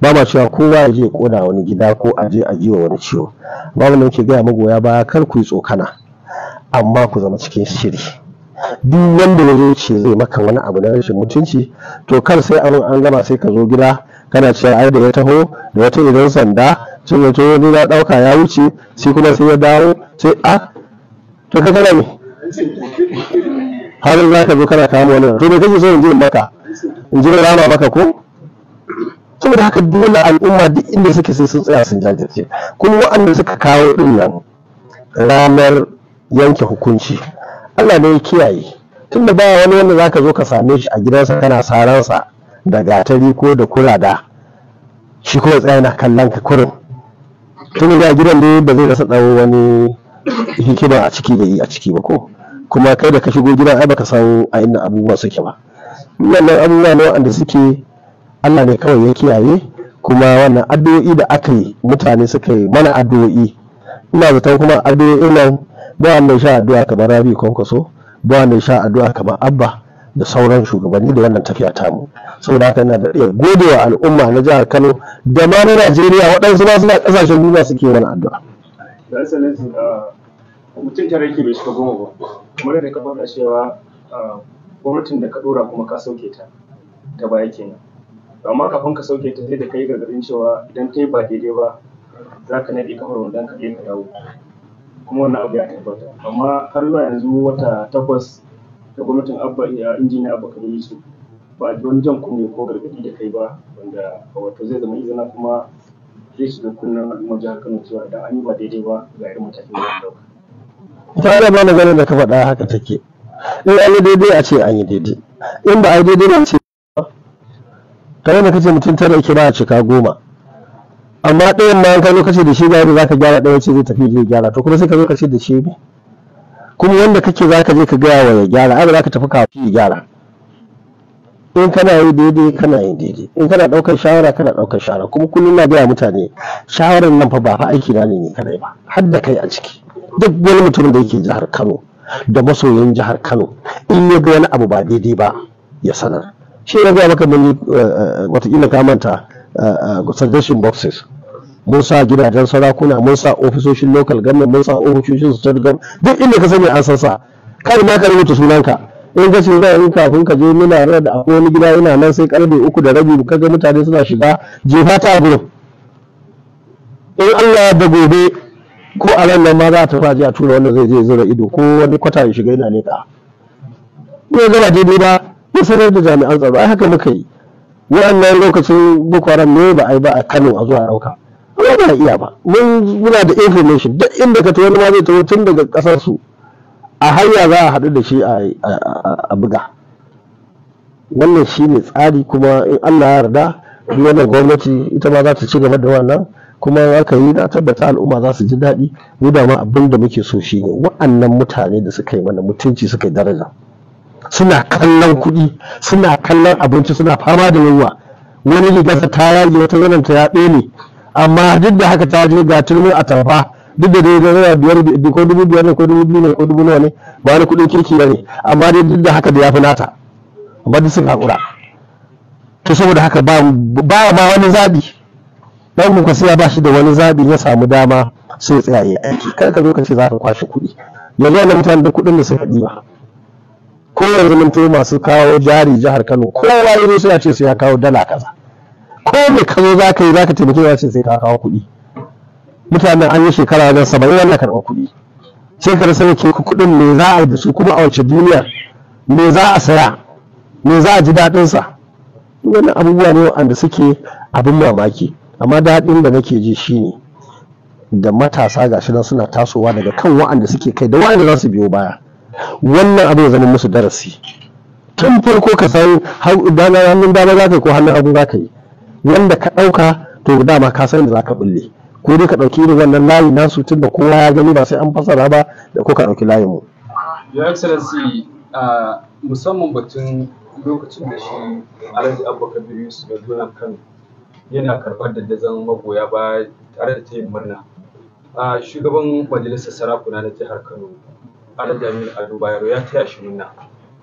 ba ma cewa kowa ije kona wani gida ko aje a jiwa wani ciwo ba mu muke gaya magoya baya kar ku yi tsokana amma ku zama cikin shiri duk wanda ya zo ce zai maka wani abu na rashin mutunci to kar sai abin an gama sai ka zo gida kana cewa ai da ya taho da wata idan sanda sun ya wani ni na dauka ya wuce sai kuma sai ya dawo sai a to ka kana me har za ka zo kana kama wani to me kake so in je maka in ji rama maka ko saboda haka dole al'umma duk inda suke sai sun tsaya sun jajirce kuma waɗanda suka kawo ɗinnan nan ranar yanke hukunci Allah ne ya kiyaye tunda ba wani wanda zaka zo ka same shi a gidansa kana saransa da gatari ko da kurada shi kuma tsaya na kallon ka kurin tun da gidan dai ba zai rasa dawo wani hikima a ciki da yi a ciki ba ko kuma kai da ka shigo gidan ai baka san a inda abubuwa suke ba wannan abubuwa ne waɗanda suke Allah ne kawai ya kiyaye kuma wannan addu'o'i da aka yi mutane suka yi mana addu'o'i ina zaton kuma addu'o'i nan ba wanda sha addu'a kamar Rabi konkoso, ba wanda sha addu'a kamar Abba da sauran shugabanni da wannan tafiya mu saboda haka ina da iya wa al'umma na jihar Kano da ma na Najeriya waɗansu ba suna ƙasashen duniya suke mana addu'a uh, mutum tare ke bai shiga goma ba kuma da ka bada cewa uh, gwamnatin da ka dora kuma ka sauke ta ta baya kenan amma kafin ka sauke ta sai da kai gargadin cewa idan ta yi ba daidai ba za ka naɗe kamar wanda ka ka dawo kuma wannan abu ya tabbata amma har zuwa yanzu wata takwas da gwamnatin abba ya injiniya abba kan yi su ba a wani jan kunne ko gargadi da kai ba wanda wato zai zama izina kuma zai shiga kunnen al'umma jihar kano cewa idan an yi ba daidai ba ga irin matakin da ya dauka. ita da ma maganar da ka faɗa haka take in an yi daidai a ce an yi daidai in ba a yi daidai ba a ce kamar da kace mutum tara yake ba a cika goma amma ɗayan ma ka lokaci da shi ga yadda ka gyara ɗaya ce zai tafi zai gyara to kuma sai ka zo lokaci da shi ne kuma wanda kake ka je ka gaya wa ya gyara ai ba zaka tafi kafi ya gyara in kana yi daidai kana yi daidai in kana ɗaukar shawara kana ɗaukar shawara kuma kullum na gaya mutane shawarar nan fa ba fa aiki na ne kadai ba har da kai a ciki duk wani mutum da yake jihar Kano da masoyin jihar kano in ya ga wani abu ba daidai ba ya sanar shi ya gaya maka mun eh, eh, watakila ka manta eh, suggestion boxes mun sa gidajen sarakuna mun sa ofisoshin local government mun sa ofisoshin state government duk inda ka sani an sassa kai ma ka rubuta sunanka in ka ce in kafin ka je muna rar da akwai wani gida yana nan sai karfe uku da rabi kaga mutane suna shiga jefa ta gurin in Allah ya da gobe ko a ran nan ma za ta faji a tura wanda zai je zura ido ko wani kwata ya shiga yana leƙa ko gaba daidai ba ya sanar da jami'an tsaro ai haka muka yi wa'annan lokacin boko ne ba a yi ba a kano a zuwa dauka amma ba iya ba mun muna da information duk inda ka ta wani ma zai taho tun daga kasar su a hanya za a haɗu da shi a buga wannan shi ne tsari kuma in allah ya yarda wannan gwamnati ita ma za ta ci gaba da wannan kuma in aka yi na tabbata al'umma za su ji daɗi ni da ma abin da muke so shi ne wa'annan mutane da suka yi mana mutunci suka yi daraja suna kallon kuɗi suna kallon abinci suna fama da yunwa wani rigarsa ta yage wata zanen ta ya ne amma duk da haka ta je ga turmi a tarfa duk da dai naira biyar ko dubu biyar ne ko dubu biyu ne ko dubu nawa ne ba wani kuɗin kirki ba ne amma dai duk da haka da ya fi nata amma duk sun haƙura to saboda haka ba ba wani zaɓi ku kwasiya ba shi da wani zabi ya samu dama sai ya tsaya ya aiki kar ka zo ka ce za ka kwashe kuɗi yanzu wannan mutane da kuɗin da suka ɗiba ko yanzu mun to masu kawo jari jihar Kano kowa wani zo ya ce sai ya kawo dala kaza ko me ka zo za ka yi za ka taimake ya ce sai ka kawo kuɗi mutanen an yi shekara da saba'in na karɓar kuɗi sai ka rasa ke kuɗin me za a yi da su kuma a wace duniya me za a saya me za a ji daɗinsa wannan abubuwa ne wanda suke abin mamaki amma daɗin da nake ji shi ne, da matasa gashi nan suna tasowa daga kan wa'anda suke kai da wa'anda za su biyo baya wannan abin zama musu darasi tun farko ka san hannun dama za ka yi ko hannun abin za ka yi wanda ka ɗauka to dama ka san da za ka bulle ko dai ka ɗauki irin wannan layi nasu tun da kowa ya gani ba sai an fasara ba da ko ka ɗauki layin mu. Your Excellency uh, musamman batun lokacin da shi Alhaji Abubakar Biyu Yusuf da Donald Kano yana karɓar dandazon magoya ba tare da tayin murna a shugaban majalisar sarakuna na jihar kano alhaji aminu ado bayero ya taya shi murna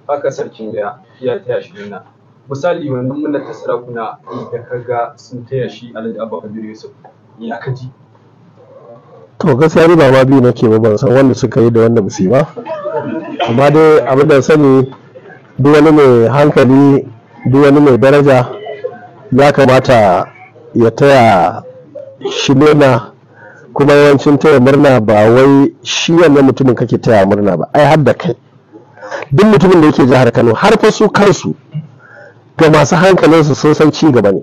haka sarkin gaya ya taya shi murna misali wannan murnar ta sarakuna eh, da kaga sun taya shi alhaji abba kabir yusuf ya kaji to gaskiya ba ma biyu nake ba ban san wanda suka yi da wanda musu ba amma dai abin da sani duk wani mai hankali duk wani mai daraja ya kamata ya taya shi murna kuma yawancin taya murna ba wai shi wannan mutumin kake taya murna ba ai har da kai duk mutumin da yake jihar kano har fa su kansu ga masu hankalinsu sun san ci gaba ne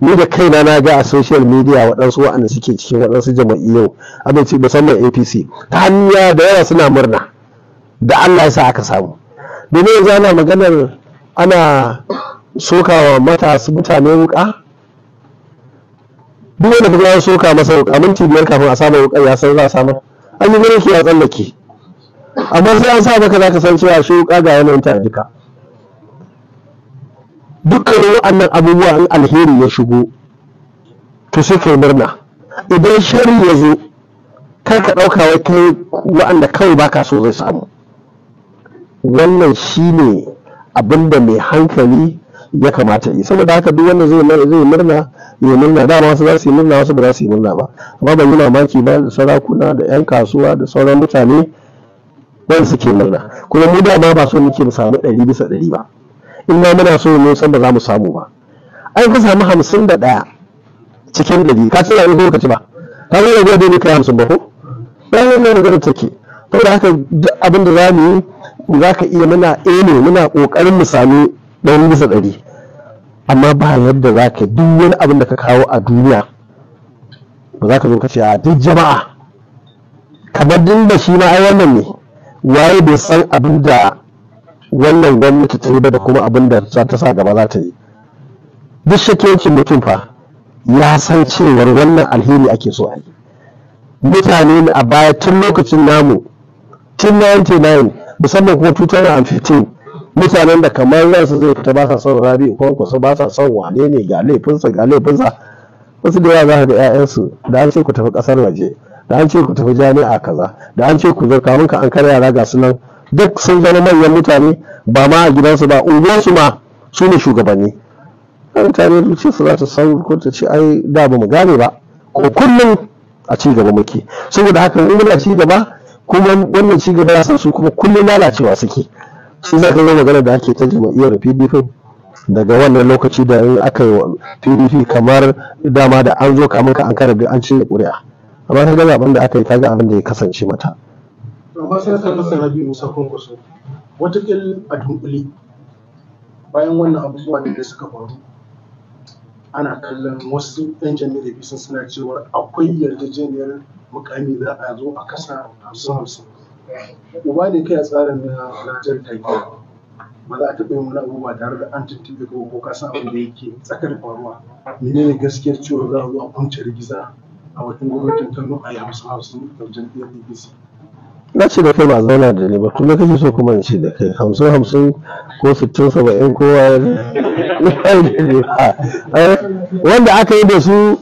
ni da kaina na ga a social media waɗansu waɗanda suke cikin waɗansu jama'iyyau abinci musamman apc ta hanya da yawa suna murna da allah ya sa aka samu domin yanzu ana maganar ana sokawa matasa mutane wuka duk wanda kuma ya soka masa minti biyar kafin a samu ya san za a samu an yi gurin ki ya tsallake amma sai an sa maka za ka san cewa shi wuƙa ga yanayin ta duka dukkanin waɗannan abubuwa in alheri ya shigo to sai kai murna idan shari ya zo kar ka ɗauka wai kai waɗanda kawai baka so zai samu wannan shine abinda mai hankali ya kamata yi saboda haka duk wanda zai zai murna ya murna da wasu za su yi murna wasu ba za su yi murna ba amma ban yi mamaki ba da sarakuna da yan kasuwa da sauran mutane wanda suke murna kuma mu ma ba so muke mu samu ɗari bisa ɗari ba in ma muna so mu san ba za mu samu ba ai ka samu hamsin da ɗaya cikin ɗari ka tsaya in lokaci ba ka zo da gwada ne kai hamsin ba ko ne ne gwada take saboda haka duk abin da za mu yi za ka iya muna eh ne muna ƙoƙarin mu sami ɗari bisa ɗari amma ba yadda za ka duk wani abin da ka kawo a duniya ba za ka zo ka a duk jama'a kamar din da shi ma ai wannan ne waye bai san abin da wannan gwamnati ta yi ba da kuma abin da za ta sa gaba za ta yi duk shakiyancin mutum fa ya san cewar wannan alheri ake so a yi mutane ne a baya tun lokacin namu tun 99 musamman kuma 2015 mutanen da kamar ransu zai fita ba sa son rabi kusa ba sa son wane ne ga laifinsa ga laifinsa wasu da yawa za ka ga 'ya'yansu da an ce ku tafi ƙasar waje da an ce ku tafi jami'a kaza da an ce ku zo kamun ka an kar yara ga su nan duk sun zama manyan mutane ba ma a gidansu ba unguwarsu ma su ne shugabanni mutane ce su za ta san ko ta ce ai da ba mu gane ba ko kullum a ci gaba muke saboda haka in muna ci gaba kuma wannan ci gaba ya san su kuma kullum lalacewa suke shi za zama magana da ake ta jama'iyyar pdp daga wannan lokaci da yi aka yi pdp kamar dama da an zo kamar ka an kare an cinye ƙuri'a amma ta ga abin da aka yi ta ga abin da ya kasance mata amma sai ta masa rabi musa kwankwaso watakil a dunkule bayan wannan abubuwa da suka faru ana kallon wasu 'yan da sun suna cewa akwai yarjejeniyar mukami da a zo a kasa hamsin hamsin uba ne kai tsarin na rajar tafiya ba za a taɓa yin wani abu ba tare da an tuntuɓe ko ko kasan abu da yake tsakar faruwa menene gaskiyar cewa za a zo a kunce rigiza a wajen gwamnatin kano a yamsu hausun da jam'iyyar dbc na ce da kai ba zauna da ni ba tun da kake so kuma in ce da kai hamsin hamsin ko sittin saba'in kowa (laughs) eh, wanda aka yi da su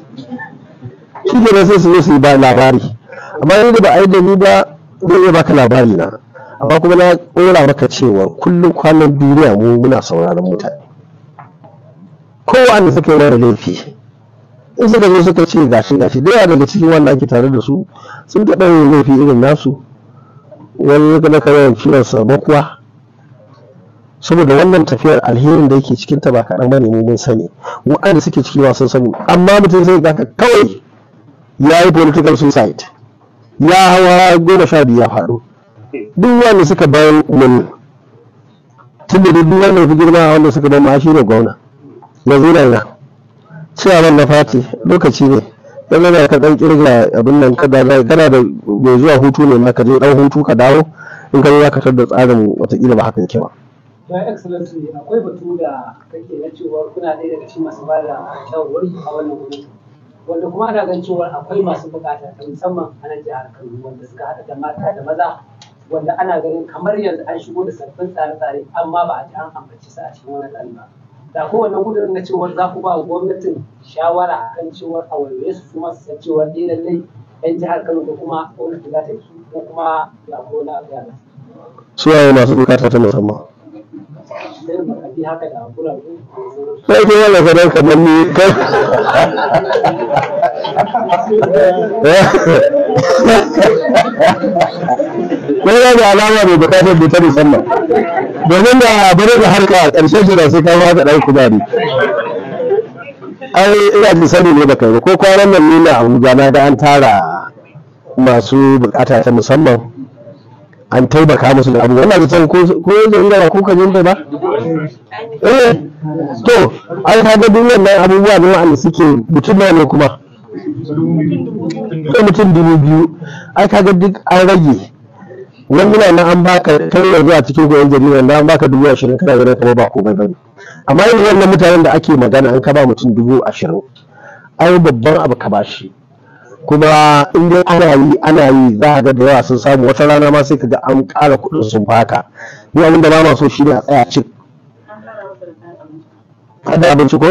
shi ne sai su zo su yi ba labari amma yadda ba a yi da ni ba zai iya baka labari na amma kuma na ƙora maka cewa kullum kwanan duniya mu muna sauraron mutane kowanne suka yi mara laifi in suka zo suka ce gashi gashi da yawa daga cikin wanda ake tare da su sun taɓa yin laifi irin nasu wani ya gana kawai ciwon sa saboda wannan tafiyar alherin da yake cikin ba kaɗan ne mu mun sani wa'anda suke cikin wasan sani amma mutum zai ga kawai ya yi political suicide ya hawa goma sha biyu ya faru duk wanda suka bayan umarni tun da duk wanda fi girma wanda suka bayan ma shi ne gwamna yanzu da na cewa ban na fati lokaci ne dan zama ka dan kirga abin nan kada da kana da mai zuwa hutu ne ma ka je dan hutu ka dawo in ka zo tar da tsarin watakila ba hakan ke ba ya excellency akwai batu da kake na cewa kuna ɗaya daga cikin masu bada shawarwari a wannan gwamnati wanda kuma ana gan cewa akwai masu bukata ta musamman a nan jihar Kano wanda suka hada da mata da maza wanda ana ganin kamar yanzu an shigo da sabbin tsare-tsare amma ba a ji an ambaci su a cikin wani tsari ba. Da kowane gudun na cewa za ku ba gwamnatin shawara a kan cewa a wani su kuma su san cewa ɗaya eh lallai 'yan jihar Kano ko kuma gwamnati za ta yi su ko kuma ya gona a Su waye masu bukata ta musamman. tafi haka da hakura sai dai kamar kamar ni kai ya da alama mai bukatar da ta musamman domin da bari da harka a ƙarshen shi sai kawo haka ɗan kuzari ai ina ji sani ne da kai ko kwanan nan nuna abuja na da an tara masu bukata ta musamman an taimaka musu da abu wannan zaton ko yanzu ko ba kuka jinta ba eh to an kaga duniyar nan abubuwa ne wa'anda suke mutum na ne kuma kai mutum dubu biyu ai kaga duk an rage nan muna nan an baka kai yanzu a cikin goyon jami'a da an baka dubu ashirin kana ganin kamar ba komai bai amma yanzu wannan mutanen da ake magana an ka ba mutum dubu ashirin ai babban abu ka shi kuma in dai ana yi ana yi za a ga da yawa sun samu wata rana ma sai kaga an ƙara kuɗin sun baka ni abin da ba ma so shi ne a tsaya cik kada abinci ko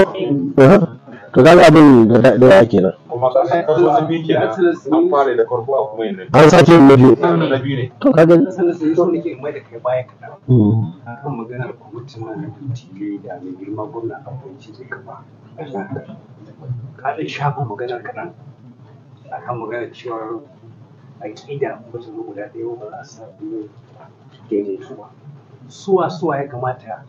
to kaga abin da da ya kenan an sake yin biyu to mm. nan da girma gwamna abinci zai kaba shafa kanan a kan magana cewa a ƙida ta zo guda ɗaya ba a samu daidaito ba suwa suwa ya kamata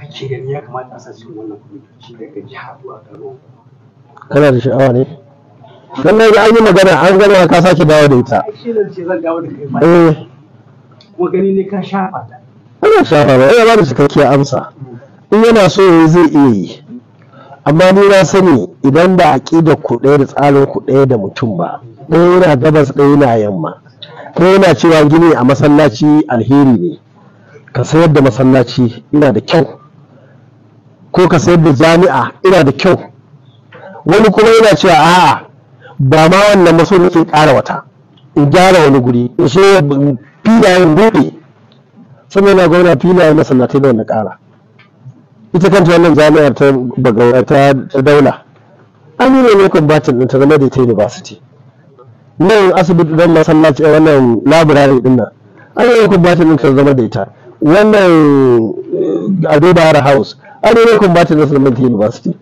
kake gani ya kamata a sa cikin wannan kwamitoci daga jiha zuwa garo kana da sha'awa ne dan nayi an yi magana an gama ka sake dawo da ita shi ne ce zan dawo da kai ma eh. kuma gani ne ka shafa ta ina shafa ba ina ba da cikakkiyar amsa in yana so zai iya yi amma ni na sani idan ba a ƙi ku ɗaya da tsarin ku ɗaya da mutum ba ɗaya yana gabas ɗaya yana yamma ɗaya yana cewa gini a masallaci alheri ne ka sayar da masallaci ina da kyau ko ka sayar da jami'a ina da kyau wani kuma yana cewa a'a ba ma wannan maso nake ƙara wata in gyara wani guri in shi filayen gobe sannan na gwamna filayen masallatai da wani ƙara ita kanta wannan jami'ar ta bagawa ta daula an yi ne kwambatin ɗin ta zama da ta university nan asibiti don masallaci a wannan labirari ɗin nan an yi kwambatin ɗin ta zama da ita wannan eh, adobara house an yi ne kwambatin ɗin ta zama da ta university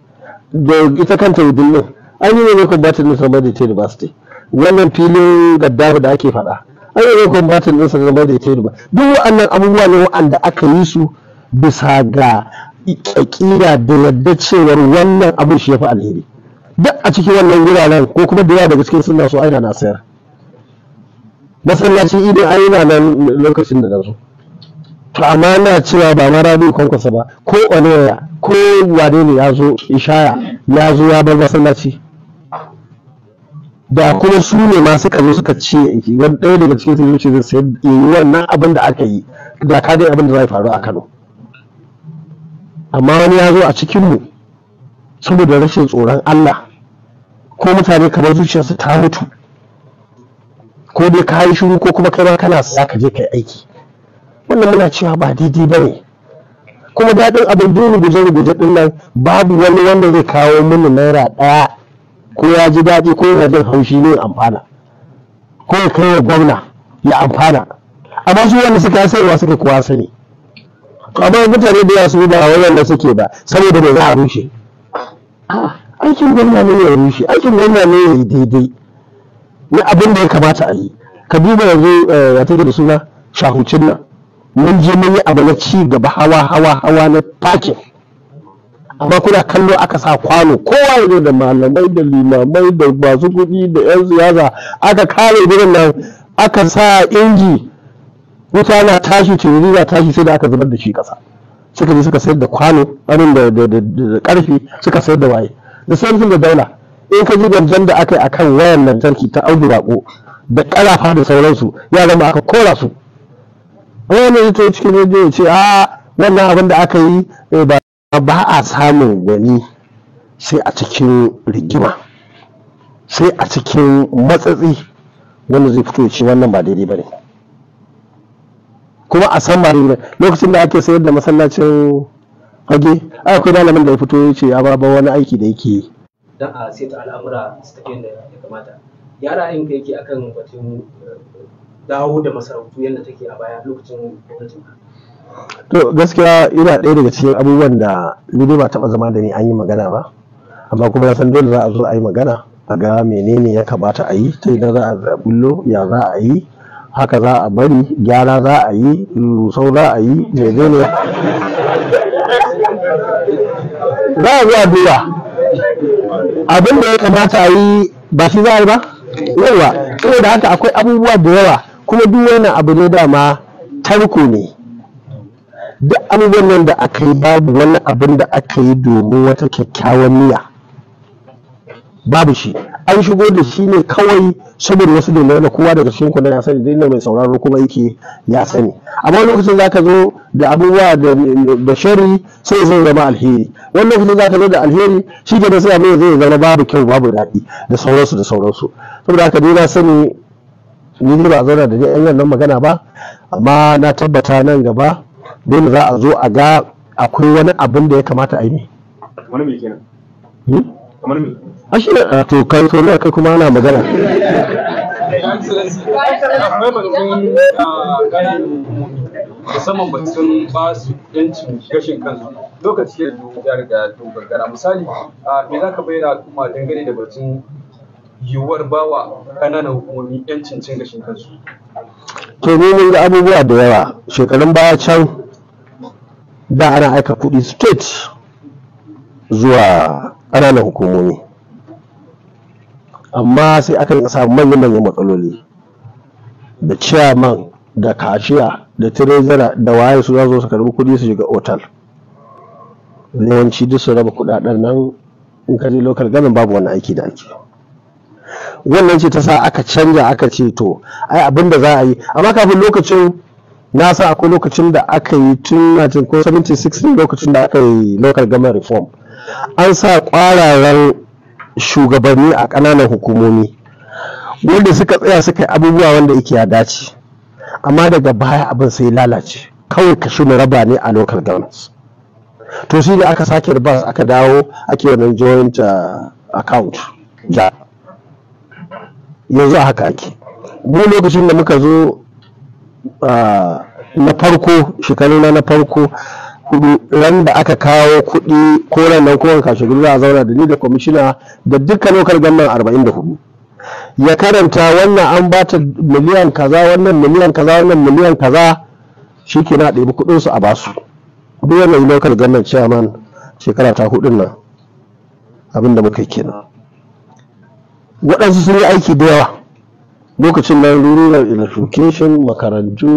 da ita kanta wudin nan an yi ne kwambatin ɗin ta zama da ta university wannan filin gaddafi da ake faɗa an yi ne kwambatin ɗin ta zama da ta university duk wa'annan abubuwa ne wa'anda aka yi su bisa ga ƙira da yadda cewar wannan abin shi ya fi alheri duk a cikin wannan wuraren ko kuma da yawa daga cikin suna so aina na sayar masallacin idin aina nan lokacin da zarsu zo to amma na cewa ba ma rabi kwankwasa ba ko onewa ko wane ne ya zo ishaya ya zo ya bar masallaci da kuma su ne masu kazo suka ce wani ɗaya daga cikin sun yi wuce zai sayar wannan abin da aka yi da ka abin da zai faru a kano amma wani ya zo a cikinmu saboda rashin tsoron Allah ko mutane kamar zuciyarsu ta mutu ko dai ka yi shiru ko kuma kai ma kana sa ka je kai aiki wannan muna cewa ba daidai ba ne kuma daɗin abin dole guje guje ɗin nan babu wani wanda zai kawo mini naira ɗaya ko ya ji daɗi ko yana jin haushi ne amfana ko ya kai wa gwamna ya amfana amma su wanda suka sayarwa suka kuwa sani amma mutane da yawa su ba wayanda suke ba saboda ba za a rushe aikin gwamna ne ya rushe aikin gwamna ne ya yi daidai na abin da ya kamata a yi ka duba yanzu eh, ya da suna shahucin nan mun je mun yi abu na ci gaba hawa hawa hawa na pakin. amma kuna kallo aka sa kwano kowa ya zo da malamai da limamai da masu kuɗi da 'yan siyasa aka kare gurin nan aka sa inji wuta na tashi ciriri na tashi sai da aka zubar da shi kasa suka je suka sayar da kwano anin da ƙarfi suka sayar da waye da sarfin da daula in ka ji gangan da aka yi a kan wayan lantarki ta audu raƙo da ƙarafa da sauransu ya zama aka kora su wani ya ta cikin rediyo ce a wannan abin da aka yi eh, ba a samun gani sai a cikin rigima sai a cikin matsatsi wanda zai fito ya ce wannan ba daidai ba ne kuma a san marin lokacin da ake sayar da masallacin fage akwai malamin da ya fito ya ce ya ba wani aiki da yake yi don a ta al'amura su tafi yadda ya kamata Yara in ka yake akan batun eh, dawo da masarautu yadda take a baya lokacin gwamnatin to gaskiya ina ɗaya daga cikin abubuwan da ni dai ba taɓa zama da ni an yi magana ba amma kuma na san dole za a zo a yi magana a ga menene ya kamata a yi ta idan za a bullo ya za a yi haka za a bari gyara za a yi rusau za a yi daidai ne za a zuwa duba abin da ya kamata a yi ba shi za a yi ba yawa saboda haka akwai abubuwa da yawa kuma duk na abu ne dama tarko ne duk abubuwan nan da aka yi babu wani abin da aka yi domin wata kyakkyawan niyya babu shi an shigo da shi ne kawai saboda wasu dalilan da kowa daga cikin kuna ya sani dai mai sauraro kuma yake ya sani amma lokacin zaka zo da abubuwa da shari sai zai zama alheri wani lokacin zaka zo da alheri shi gaba sai abin zai zama babu kyau babu daɗi da sauransu da sauransu saboda haka dai na sani ni ba a zauna da yan yan nan magana ba amma na tabbata nan gaba dole za a zo a ga akwai wani abin da ya kamata a yi. Wani me kenan? Hmm? Kamar me? ashe a to kai to kai kuma ana magana akwai batun kayan ah, musamman batun ba su yancin gashin kansu lokaci da ya riga dogon gara misali ah, me za ka bayyana al'umma dangane da batun yiwuwar bawa kananan hukumomi yancin cin gashin kansu to ne mun ga abubuwa da yawa shekarun baya can da ana aika kuɗi state zuwa ƙananan hukumomi amma sai aka samu manyan manyan matsaloli da chairman da kashiya da tirezara da waye su za su karbi kuɗi su shiga otal yawanci duk su raba kuɗaɗen nan in ka je ganin babu wani aiki da ake wannan ce ta sa aka canja aka ce to ai abin za a yi amma kafin lokacin na sa akwai lokacin da aka yi tun 76 lokacin da aka yi local government reform an sa kwararan shugabanni a ƙananan hukumomi wanda suka tsaya suka yi abubuwa wanda yake ya dace amma daga baya abin sai lalace kawai ka shirya raba ne a local governance to shi ne aka sake bas aka dawo ake wannan joint uh, account ja yanzu haka ake mu lokacin da muka zo uh, na farko shekaruna na farko kudu ran da aka kawo kuɗi ko ranar kowane kashe gudu a zauna da ni da kwamishina da dukkan lokar gannan arba'in da hudu ya karanta wannan an bata miliyan kaza wannan miliyan kaza wannan miliyan kaza shi ke na ɗebi kuɗinsu a basu duk wannan lokar gannan ciyaman shekara ta hudun nan abinda muka yi kenan waɗansu sun yi aiki da yawa lokacin nan rural electrification makarantu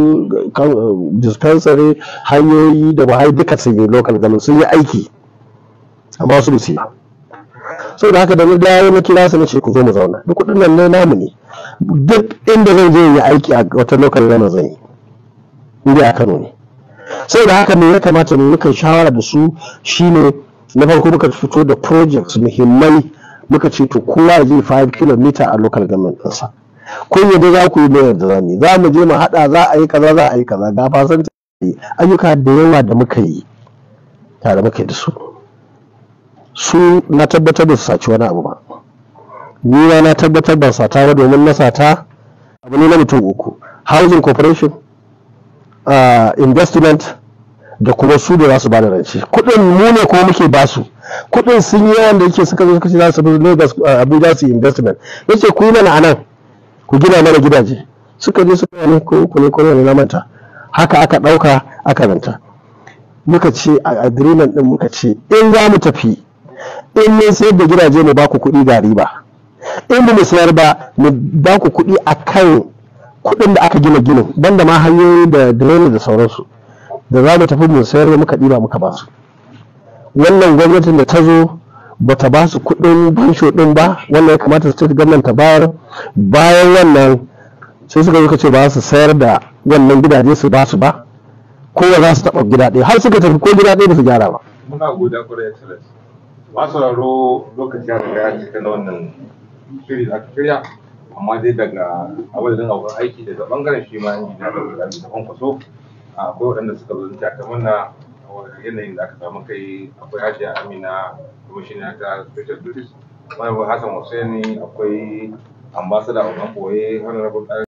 eh, dispensary hanyoyi da bahai duka sun yi local ganin sun yi aiki amma su musu sau da haka da na yi na kira su na ce ku zo mu zauna duk kudin nan na namu ne duk inda zan je yi aiki a wata local ganin zan yi inda a Kano ne sau da haka me ya kamata mu muka shawara da su shine na farko muka fito da projects muhimmai muka ce to kowa zai 5 km a local ganin ɗinsa. ko yadda za ku yi mai yadda za mu za mu je mu haɗa za a yi kaza za a yi kaza ga fasan ayyuka da yawa da muka yi tare muka yi da su su na tabbatar da su saci wani abu ba ni na tabbatar ban sata ba domin na sata abu ne na mutum uku housing corporation investment da kuma su da za su bada rance kudin mu ne kuma muke ba su kudin sun yi yawan da yake suka zo suka ce za su bi Lagos Abuja su investment yace ku yi mana anan ku gina mana gidaje suka je suka ne ko uku ne ko ne na mata haka aka ɗauka aka ranta muka ce a agreement din muka ce in za mu tafi in ne sai da gidaje mu ba ku kuɗi ga riba in mu sayar ba mu ba ku kuɗi a kan kuɗin da aka gina ginin banda ma hanyoyi da drone da sauransu da za mu tafi mu sayar da muka ɗiba muka ba su wannan gwamnatin da ta zo bata ba su kudin bansho din ba wannan ya kamata su state government ta bayar bayan wannan sai suka yi ce ba su sayar da wannan gidaje su ba su ba ko ba za su taba gida ɗaya har suka tafi ko gida ɗaya ba su gyara ba. muna goda kwarai ba su raro lokaci ya riga cikin wannan shiri da aka shirya amma dai daga abin da wurin aiki daga bangaren shi ma yanzu da kwankwaso akwai waɗanda suka zo ta mana yanayin da aka samu kai akwai hajiya amina kwamishina ta special duties malam hassan hussaini akwai ambassador ogan boye honorable